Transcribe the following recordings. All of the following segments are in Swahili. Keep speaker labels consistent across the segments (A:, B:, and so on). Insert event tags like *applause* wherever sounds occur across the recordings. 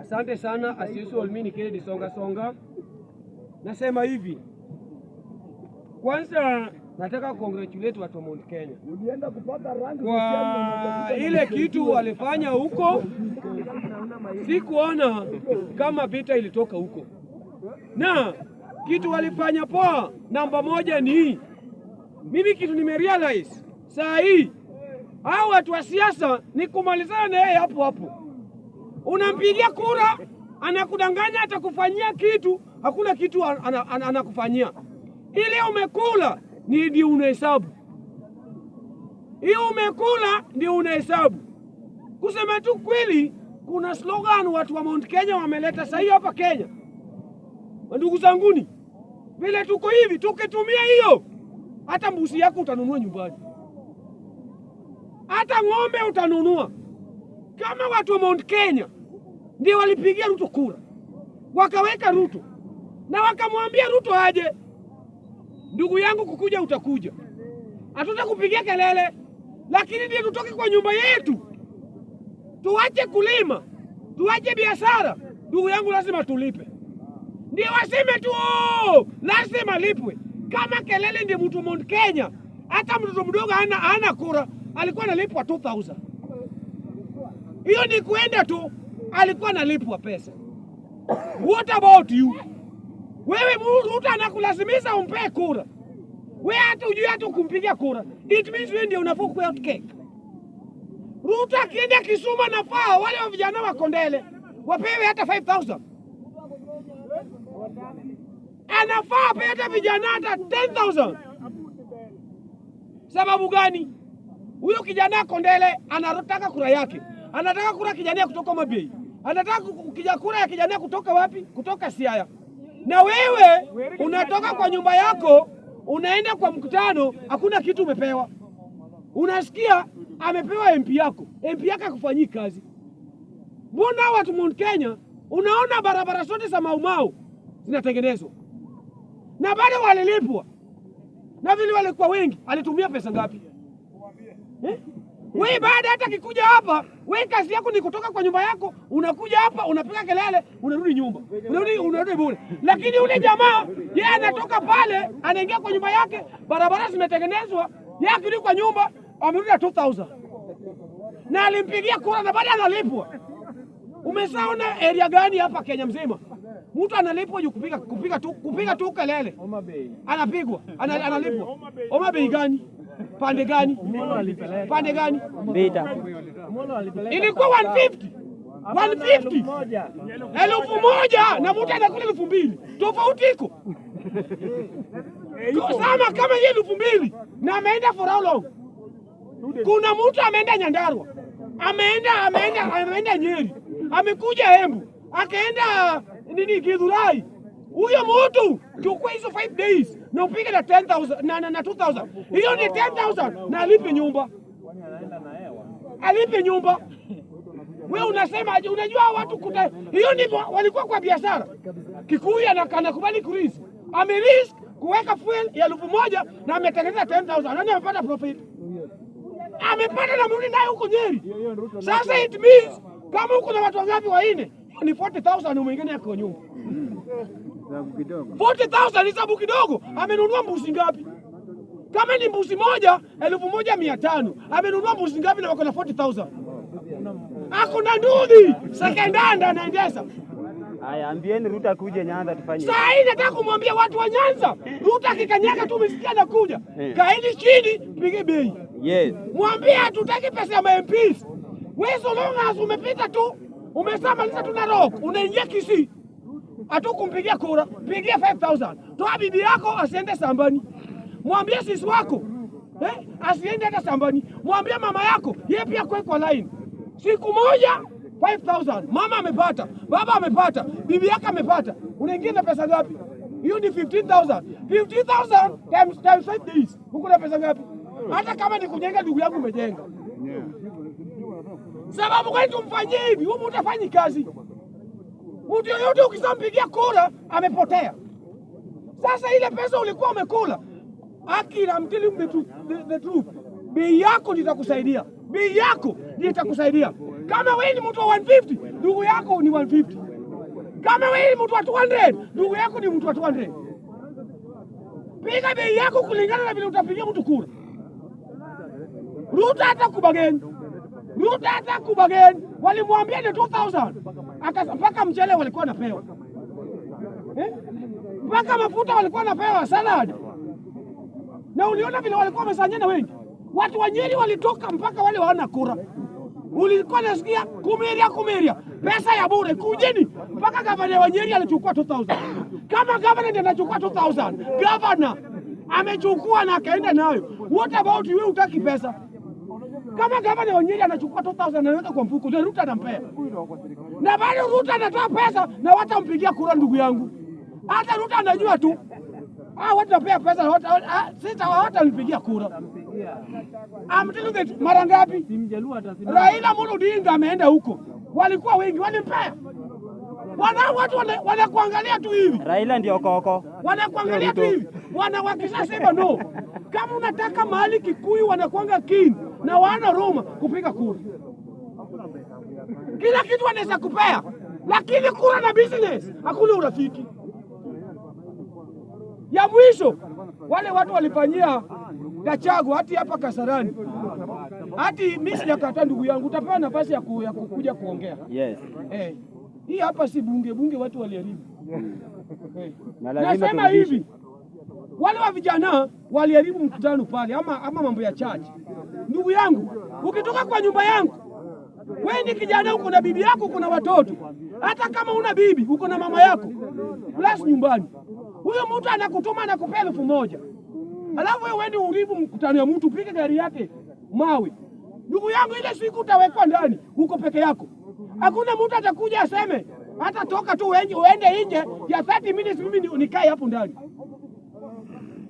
A: Asante sana. As usual, mimi ni Kennedy Songa Songa. Nasema hivi, kwanza nataka congratulate watu wa Mount Kenya kwa ile kitu walifanya huko. Sikuona kama vita ilitoka huko, na kitu walifanya poa. Namba moja ni mimi kitu nimerealize saa hii, hao watu wa siasa ni kumalizana na yeye hapo hapo Unampigia kura, anakudanganya, atakufanyia kitu, hakuna kitu anakufanyia. Ile umekula ndio unahesabu, hiyo umekula ndio unahesabu. Kusema tu kweli, kuna slogan watu wa Mount Kenya wameleta saa hii hapa Kenya. Ndugu zanguni, vile tuko hivi, tukitumia hiyo, hata mbuzi yako utanunua nyumbani, hata ng'ombe utanunua. Kama watu wa Mount Kenya ndio walipigia Ruto kura, wakaweka Ruto na wakamwambia Ruto aje, ndugu yangu, kukuja utakuja, hatutakupigia kelele, lakini ndiye tutoke kwa nyumba yetu, tuache kulima, tuache biashara. Ndugu yangu, lazima tulipe. Ndio waseme tu oh, lazima lipwe. Kama kelele ndio mtu Mount Kenya, hata mtoto mdogo ana ana kura alikuwa analipwa 2000 hiyo ni kwenda tu alikuwa analipwa pesa. What about you? Wewe mtu anakulazimisha umpee kura, we hata ujui hata kumpiga kura, it means wewe ndio unafaa kuwa cake. Ruto akienda na nafaa wale wa vijana wa Kondele wapewe hata 5000 anafaa apewe hata vijana hata 10000 Sababu gani? Huyo kijana Kondele anataka kura yake anataka kura kijania kutoka Mabei, anataka kija kura ya kijania kutoka wapi? Kutoka Siaya. Na wewe unatoka kwa nyumba yako unaenda kwa mkutano, hakuna kitu umepewa. Unasikia amepewa MP yako, MP yako akufanyii kazi. Mbona watu Mount Kenya unaona barabara zote za Maumau zinatengenezwa na bado walilipwa, na vile walikuwa wengi, alitumia pesa ngapi eh? Wewe baada hata kikuja hapa, wewe kazi yako ni kutoka kwa nyumba yako, unakuja hapa unapiga kelele, unarudi nyumba, unarudi unarudi bure. Lakini yule jamaa yeye anatoka pale, anaingia kwa nyumba yake, barabara zimetengenezwa, yeye akirudi kwa nyumba amerudi na 2000 na alimpigia kura na baada analipwa. Umesaona area gani hapa Kenya mzima mtu analipwa juu kupiga kupiga tu kupiga tu kelele, anapigwa analipwa. Homa bei gani? pande gani? Pande gani? Beta ilikuwa 150 150 elfu moja na mtu anakula elfu mbili tofauti iko eh, kusama kama hii elfu mbili na ameenda for how long? Kuna mtu ameenda nyandarwa ameenda ameenda ameenda Nyeri, amekuja Embu, akaenda nini Githurai. Huyo mtu chukua hizo 5 days na upige na 10000 na, na, na 2000 hiyo ni 10000 na alipe nyumba, alipe nyumba. Wewe unasema Unajua watu kuta hiyo ni walikuwa kwa biashara. Kikuyu anakubali kurithi, amerisk kuweka fuel ya elfu moja na ametengeneza 10000 nani amepata profit? Amepata na mrudi naye huko Nyeri. Sasa it means kama huko na watu wangapi, waine ni 40000 mwingine yako nyumba 40,000 hesabu kidogo. Amenunua mbuzi ngapi? Kama ni mbuzi moja elfu moja mia tano amenunua mbuzi ngapi? na wako na 40000 ako na sekendanda anaendesa.
B: Aya, ambieni Ruta kuje Nyanza tufanye.
A: Saa hii nataka kumwambia watu wa Nyanza, Ruta akikanyaga tu umesikia na kuja eh. Kaeni chini pige bei yes. Mwambie hatutaki pesa ya MPs. Wewe so long as umepita tu umeshamaliza tu rock, unaingia Kisii hatukumpigia kura, pigia 5000 toa bibi yako asiende sambani, mwambie sisi wako eh, asiende hata sambani, mwambie mama yako yeye pia kwa kwa line siku moja 5000 mama amepata, baba amepata, bibi yake amepata, unaingia na pesa ngapi? Hiyo ni 15000 15000 times times 5 days, huko na pesa ngapi? Hata kama ni kujenga, ndugu yangu umejenga. Sababu kwani tumfanyie hivi? Wewe utafanyi kazi Mtu yoyote ukishampigia kura amepotea. Sasa ile pesa ulikuwa umekula, aki na mtili the truth, bei yako nitakusaidia, bei yako nitakusaidia. Kama wewe ni mtu wa 150 ndugu yako ni 150. Kama wewe ni mtu wa 200 ndugu yako ni mtu wa 200. Piga bei yako kulingana na vile utapigia mtu kura. Ruta hata kubageni, Ruta hata kubageni, walimwambia ni 2000 mpaka mchele walikuwa napewa eh? mpaka mafuta walikuwa napewa salad, na uliona vile walikuwa wamesanyana wengi. Watu wa Nyeri walitoka mpaka wale waona kura, ulikuwa nasikia kumiria kumiria, pesa ya bure kujini. Mpaka gavana wa Nyeri alichukua 2000 kama gavana ndiye anachukua 2000 gavana amechukua na akaenda nayo. What about wewe, utaki pesa? Kama gavana wa Nyeri anachukua 2000 anaweka kwa mfuko, Ruto anampea na bado Ruto anatoa pesa na watampigia kura, ndugu yangu. Hata Ruto anajua tu ah, wapea pesa watanipigia ah, ah, kura. I'm telling you, mara ngapi Raila Amolo Odinga ameenda huko, walikuwa wengi, walimpea wana watu wanakuangalia wana tu hivi.
B: Raila ndio koko,
A: wanakuangalia tu hivi, wakisha sema no. Kama unataka mahali Kikuyu wanakuanga kini na wana Roma kupiga kura kila kitu anaweza kupea, lakini kura na business hakuna urafiki. Ya mwisho wale watu walifanyia Gachagua hati hapa Kasarani, hati mimi sijakataa, ndugu yangu, utapewa nafasi ya kuja kuongea. Yes. Eh, hii hapa si bunge, bunge watu waliharibu. Hmm. Eh, nasema hivi wale wa vijana waliharibu mkutano pale, ama, ama mambo ya chache Ndugu yangu, ukitoka kwa nyumba yangu wewe ni kijana, uko na bibi yako, uko na watoto. Hata kama una bibi, uko na mama yako plus nyumbani. Huyo mtu anakutuma anakupea elfu moja alafu wewe ni uribu mkutano ya mtu pika gari yake mawe. Ndugu yangu, ile siku utawekwa ndani, uko peke yako, hakuna mtu atakuja aseme hata toka tu wengi uende nje ya 30 minutes, mimi nikae hapo ndani.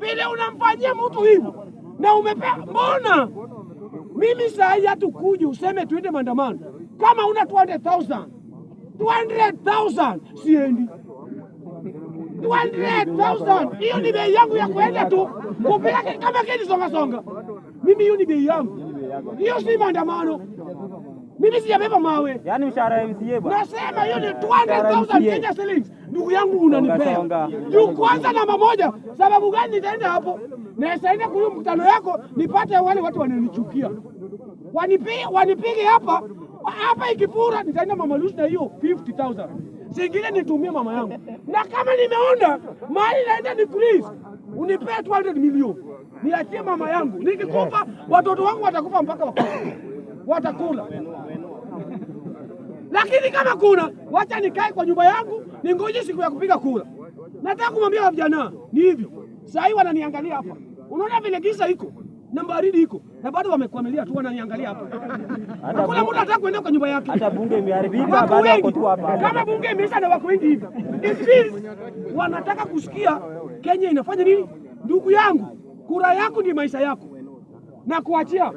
A: Vile unamfanyia mtu hivyo na umepea, mbona mimi saa hii hatukuji useme tuende maandamano kama una 200,000 200,000 siendi 200,000 hiyo ni bei yangu ya kuenda tu kupeleke kama kini songa songa. Mimi hiyo ni bei yangu, hiyo si maandamano. Mimi sijabeba mawe,
B: yani mshahara MCA
A: bwana, nasema hiyo ni 200,000 Kenya shillings. Ndugu yangu unanipea juu kwanza, namba moja. Sababu gani nitaenda hapo? Naenda kuyu mkutano yako nipate wale watu wananichukia wanipige, wanipige hapa hapa, ikipura nitaenda Mama Lucy na hiyo 50000 singine nitumie mama yangu, na kama nimeona mali naenda ni Chris, unipee 200 milioni niachie mama yangu, nikikufa watoto wangu watakufa mpaka wakati watakula lakini kama kuna wacha nikae kwa nyumba yangu ningoje siku ya kupiga kura. Nataka kumwambia vijana ni hivyo. Sasa hivi wananiangalia hapa, unaona vile giza iko na baridi iko na eh, bado wamekuamilia tu, wananiangalia hapa. Hakuna mtu anataka kuenda kwa nyumba yake.
B: Hata bunge imeharibika
A: baada ya kutu hapa. Kama bunge imeisha na wako wengi hivi, wanataka kusikia Kenya inafanya nini? Ndugu yangu, kura yako ndiyo maisha yako, na kuachia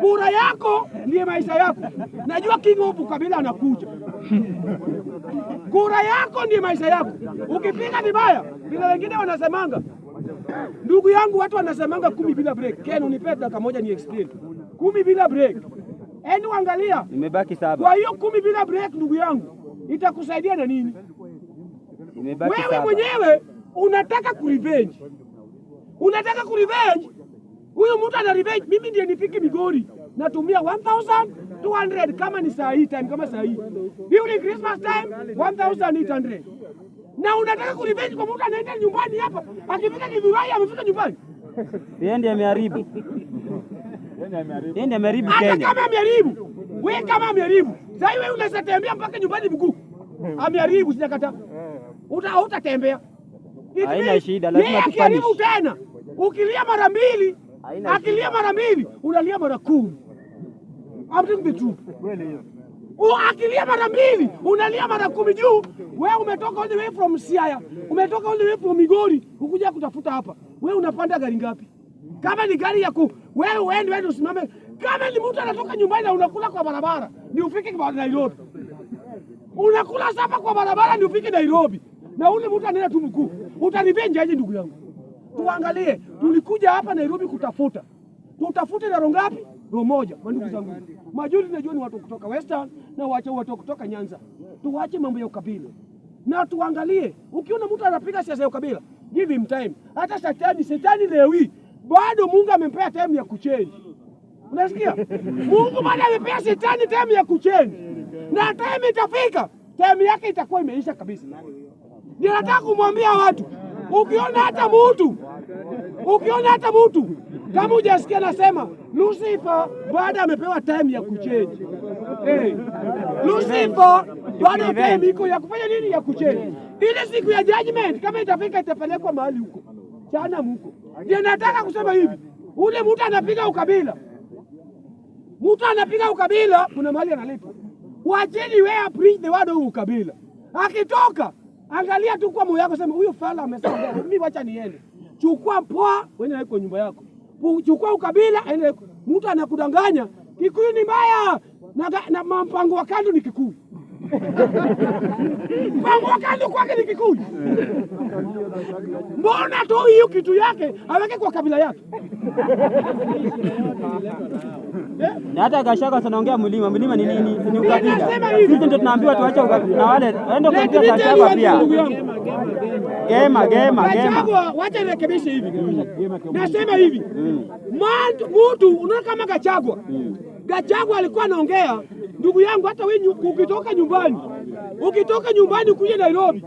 A: kura yako ndiye maisha yako. Najua King of Kabila anakuja. Kura yako ndiye maisha yako, ukipiga vibaya vile wengine wanasemanga Ndugu yangu, watu wanasemanga kumi bila break. Ken, unipe dakika moja ni explain kumi bila break. Eni, angalia,
B: imebaki saba.
A: Kwa hiyo kumi bila break, ndugu yangu, itakusaidia na nini? Imebaki wewe saba. Mwenyewe unataka revenge, unataka revenge. Huyu mtu ana revenge, mimi ndiye nipiki Migori natumia 1200 kama ni saa hii time, kama saa hii during Christmas time 1800 na unataka kurevenge kwa mtu anaenda nyumbani hapa, akifika kiviwai amefika nyumbani.
B: Yeye ndiye ameharibu, yeye ndiye ameharibu
A: Kenya. Hata kama ameharibu, wewe kama ameharibu, sasa wewe unaweza tembea mpaka nyumbani mguu. Ameharibu, sijakata. Uta utatembea. Haina shida, lazima tupanish. Tena ukilia mara mbili, akilia mara mbili, unalia mara kumi. I'm telling the truth. Kweli hiyo. Akilia mara mbili unalia mara kumi juu we umetoka all the way from Siaya, umetoka all the way from Migori ukuja kutafuta hapa. We unapanda gari ngapi? Kama ni gari ya ku wewe uende wewe usimame. Kama ni mtu anatoka nyumbani na unakula kwa barabara, ni ufike kwa Nairobi. Unakula sapa kwa barabara, ni ufike Nairobi. Na ule mtu anaenda tu mkuu. Utanivenja aje ndugu yangu? Tuangalie, tulikuja hapa Nairobi kutafuta. Tutafute daro ngapi? roho moja. Ndugu zangu, Majuzi najua ni watu kutoka Western na wacha watu kutoka Nyanza. Tuwache mambo ya ukabila na tuangalie, ukiona mtu anapiga siasa ya ukabila give him time. Hata shetani, shetani leo hii bado Mungu amempea time ya kuchange. Unasikia? Mungu bado amempea shetani time ya kuchange, na time itafika, time yake itakuwa imeisha kabisa. Ninataka kumwambia watu, ukiona hata mtu ukiona hata mtu kama hujasikia nasema Lucifer baada amepewa time ya kucheji. Hey. Lucifer baada time iko ya kufanya nini? Ya kucheji. Ile siku ya judgment kama itafika itapelekwa mahali huko chana mko. Ndio nataka kusema hivi, ule mtu anapiga ukabila, mtu anapiga ukabila, kuna mahali analipa. Wacheni wewe preach the word ukabila, akitoka angalia tu kwa moyo wako, sema huyo fala amesema mimi, wacha niende. Chukua poa, wewe naiko nyumba yako kuchukua ukabila. Mtu anakudanganya Kikuyu ni mbaya na, na mpango wa kando ni Kikuyu *laughs* mpango wa kando kwake ni Kikuyu. Mbona tu hiyo kitu yake aweke kwa kabila yake?
B: na hata Gachagua anaongea mlima, mlima ni nini? Ni ukabila. Sisi ndio tunaambiwa tuache ukabila na wale waende kwa Gachagua pia gema gema
A: gema, wacha nirekebishe hivi. Nasema hivi mtu unaona kama Gachagua, hmm. Gachagua alikuwa anaongea, ndugu yangu, hata wewe ukitoka nyumbani, ukitoka nyumbani kuja Nairobi,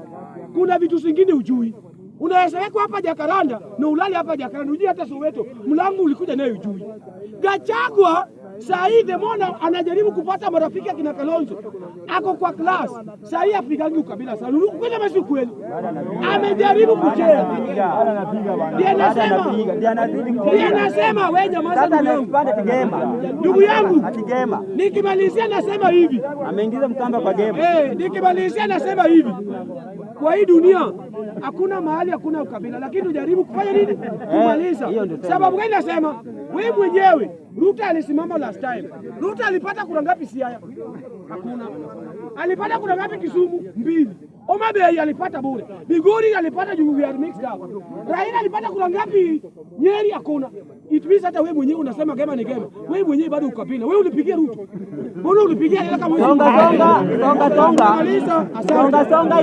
A: kuna vitu zingine ujui unaweza hapa Jakaranda na ulali hapa Jakaranda, ujui hata Soweto, mlango ulikuja naye ujui. Gachagua Saa hii Themona anajaribu kupata marafiki akina Kalonzo, ako kwa class. Saa hii apigangi ukabila sana, ama si kweli amejaribu kucheza, ndiye anasema wewe nyamaza. Ndugu yangu, nikimalizia nasema hivi,
B: ameingiza mtamba kwa gema.
A: Eh, nikimalizia nasema hivi kwa hii dunia hakuna mahali, hakuna ukabila, lakini tujaribu kufanya nini? Kumaliza. Eh, Sababu gani? Nasema wewe mwenyewe Ruto alisimama last time. Ruto alipata kura ngapi Siaya? Hakuna. Alipata kura ngapi Kisumu? Mbili. Oma Bay alipata bure. Migori alipata juu ya are mixed up. Raila alipata kura ngapi Nyeri? Hakuna. It means hata wewe mwenyewe unasema gema ni gema. Wewe mwenyewe bado ukabila. Wewe ulipigia Ruto. Mbona ulipigia
B: kama wewe? Songa songa, songa songa. Songa songa.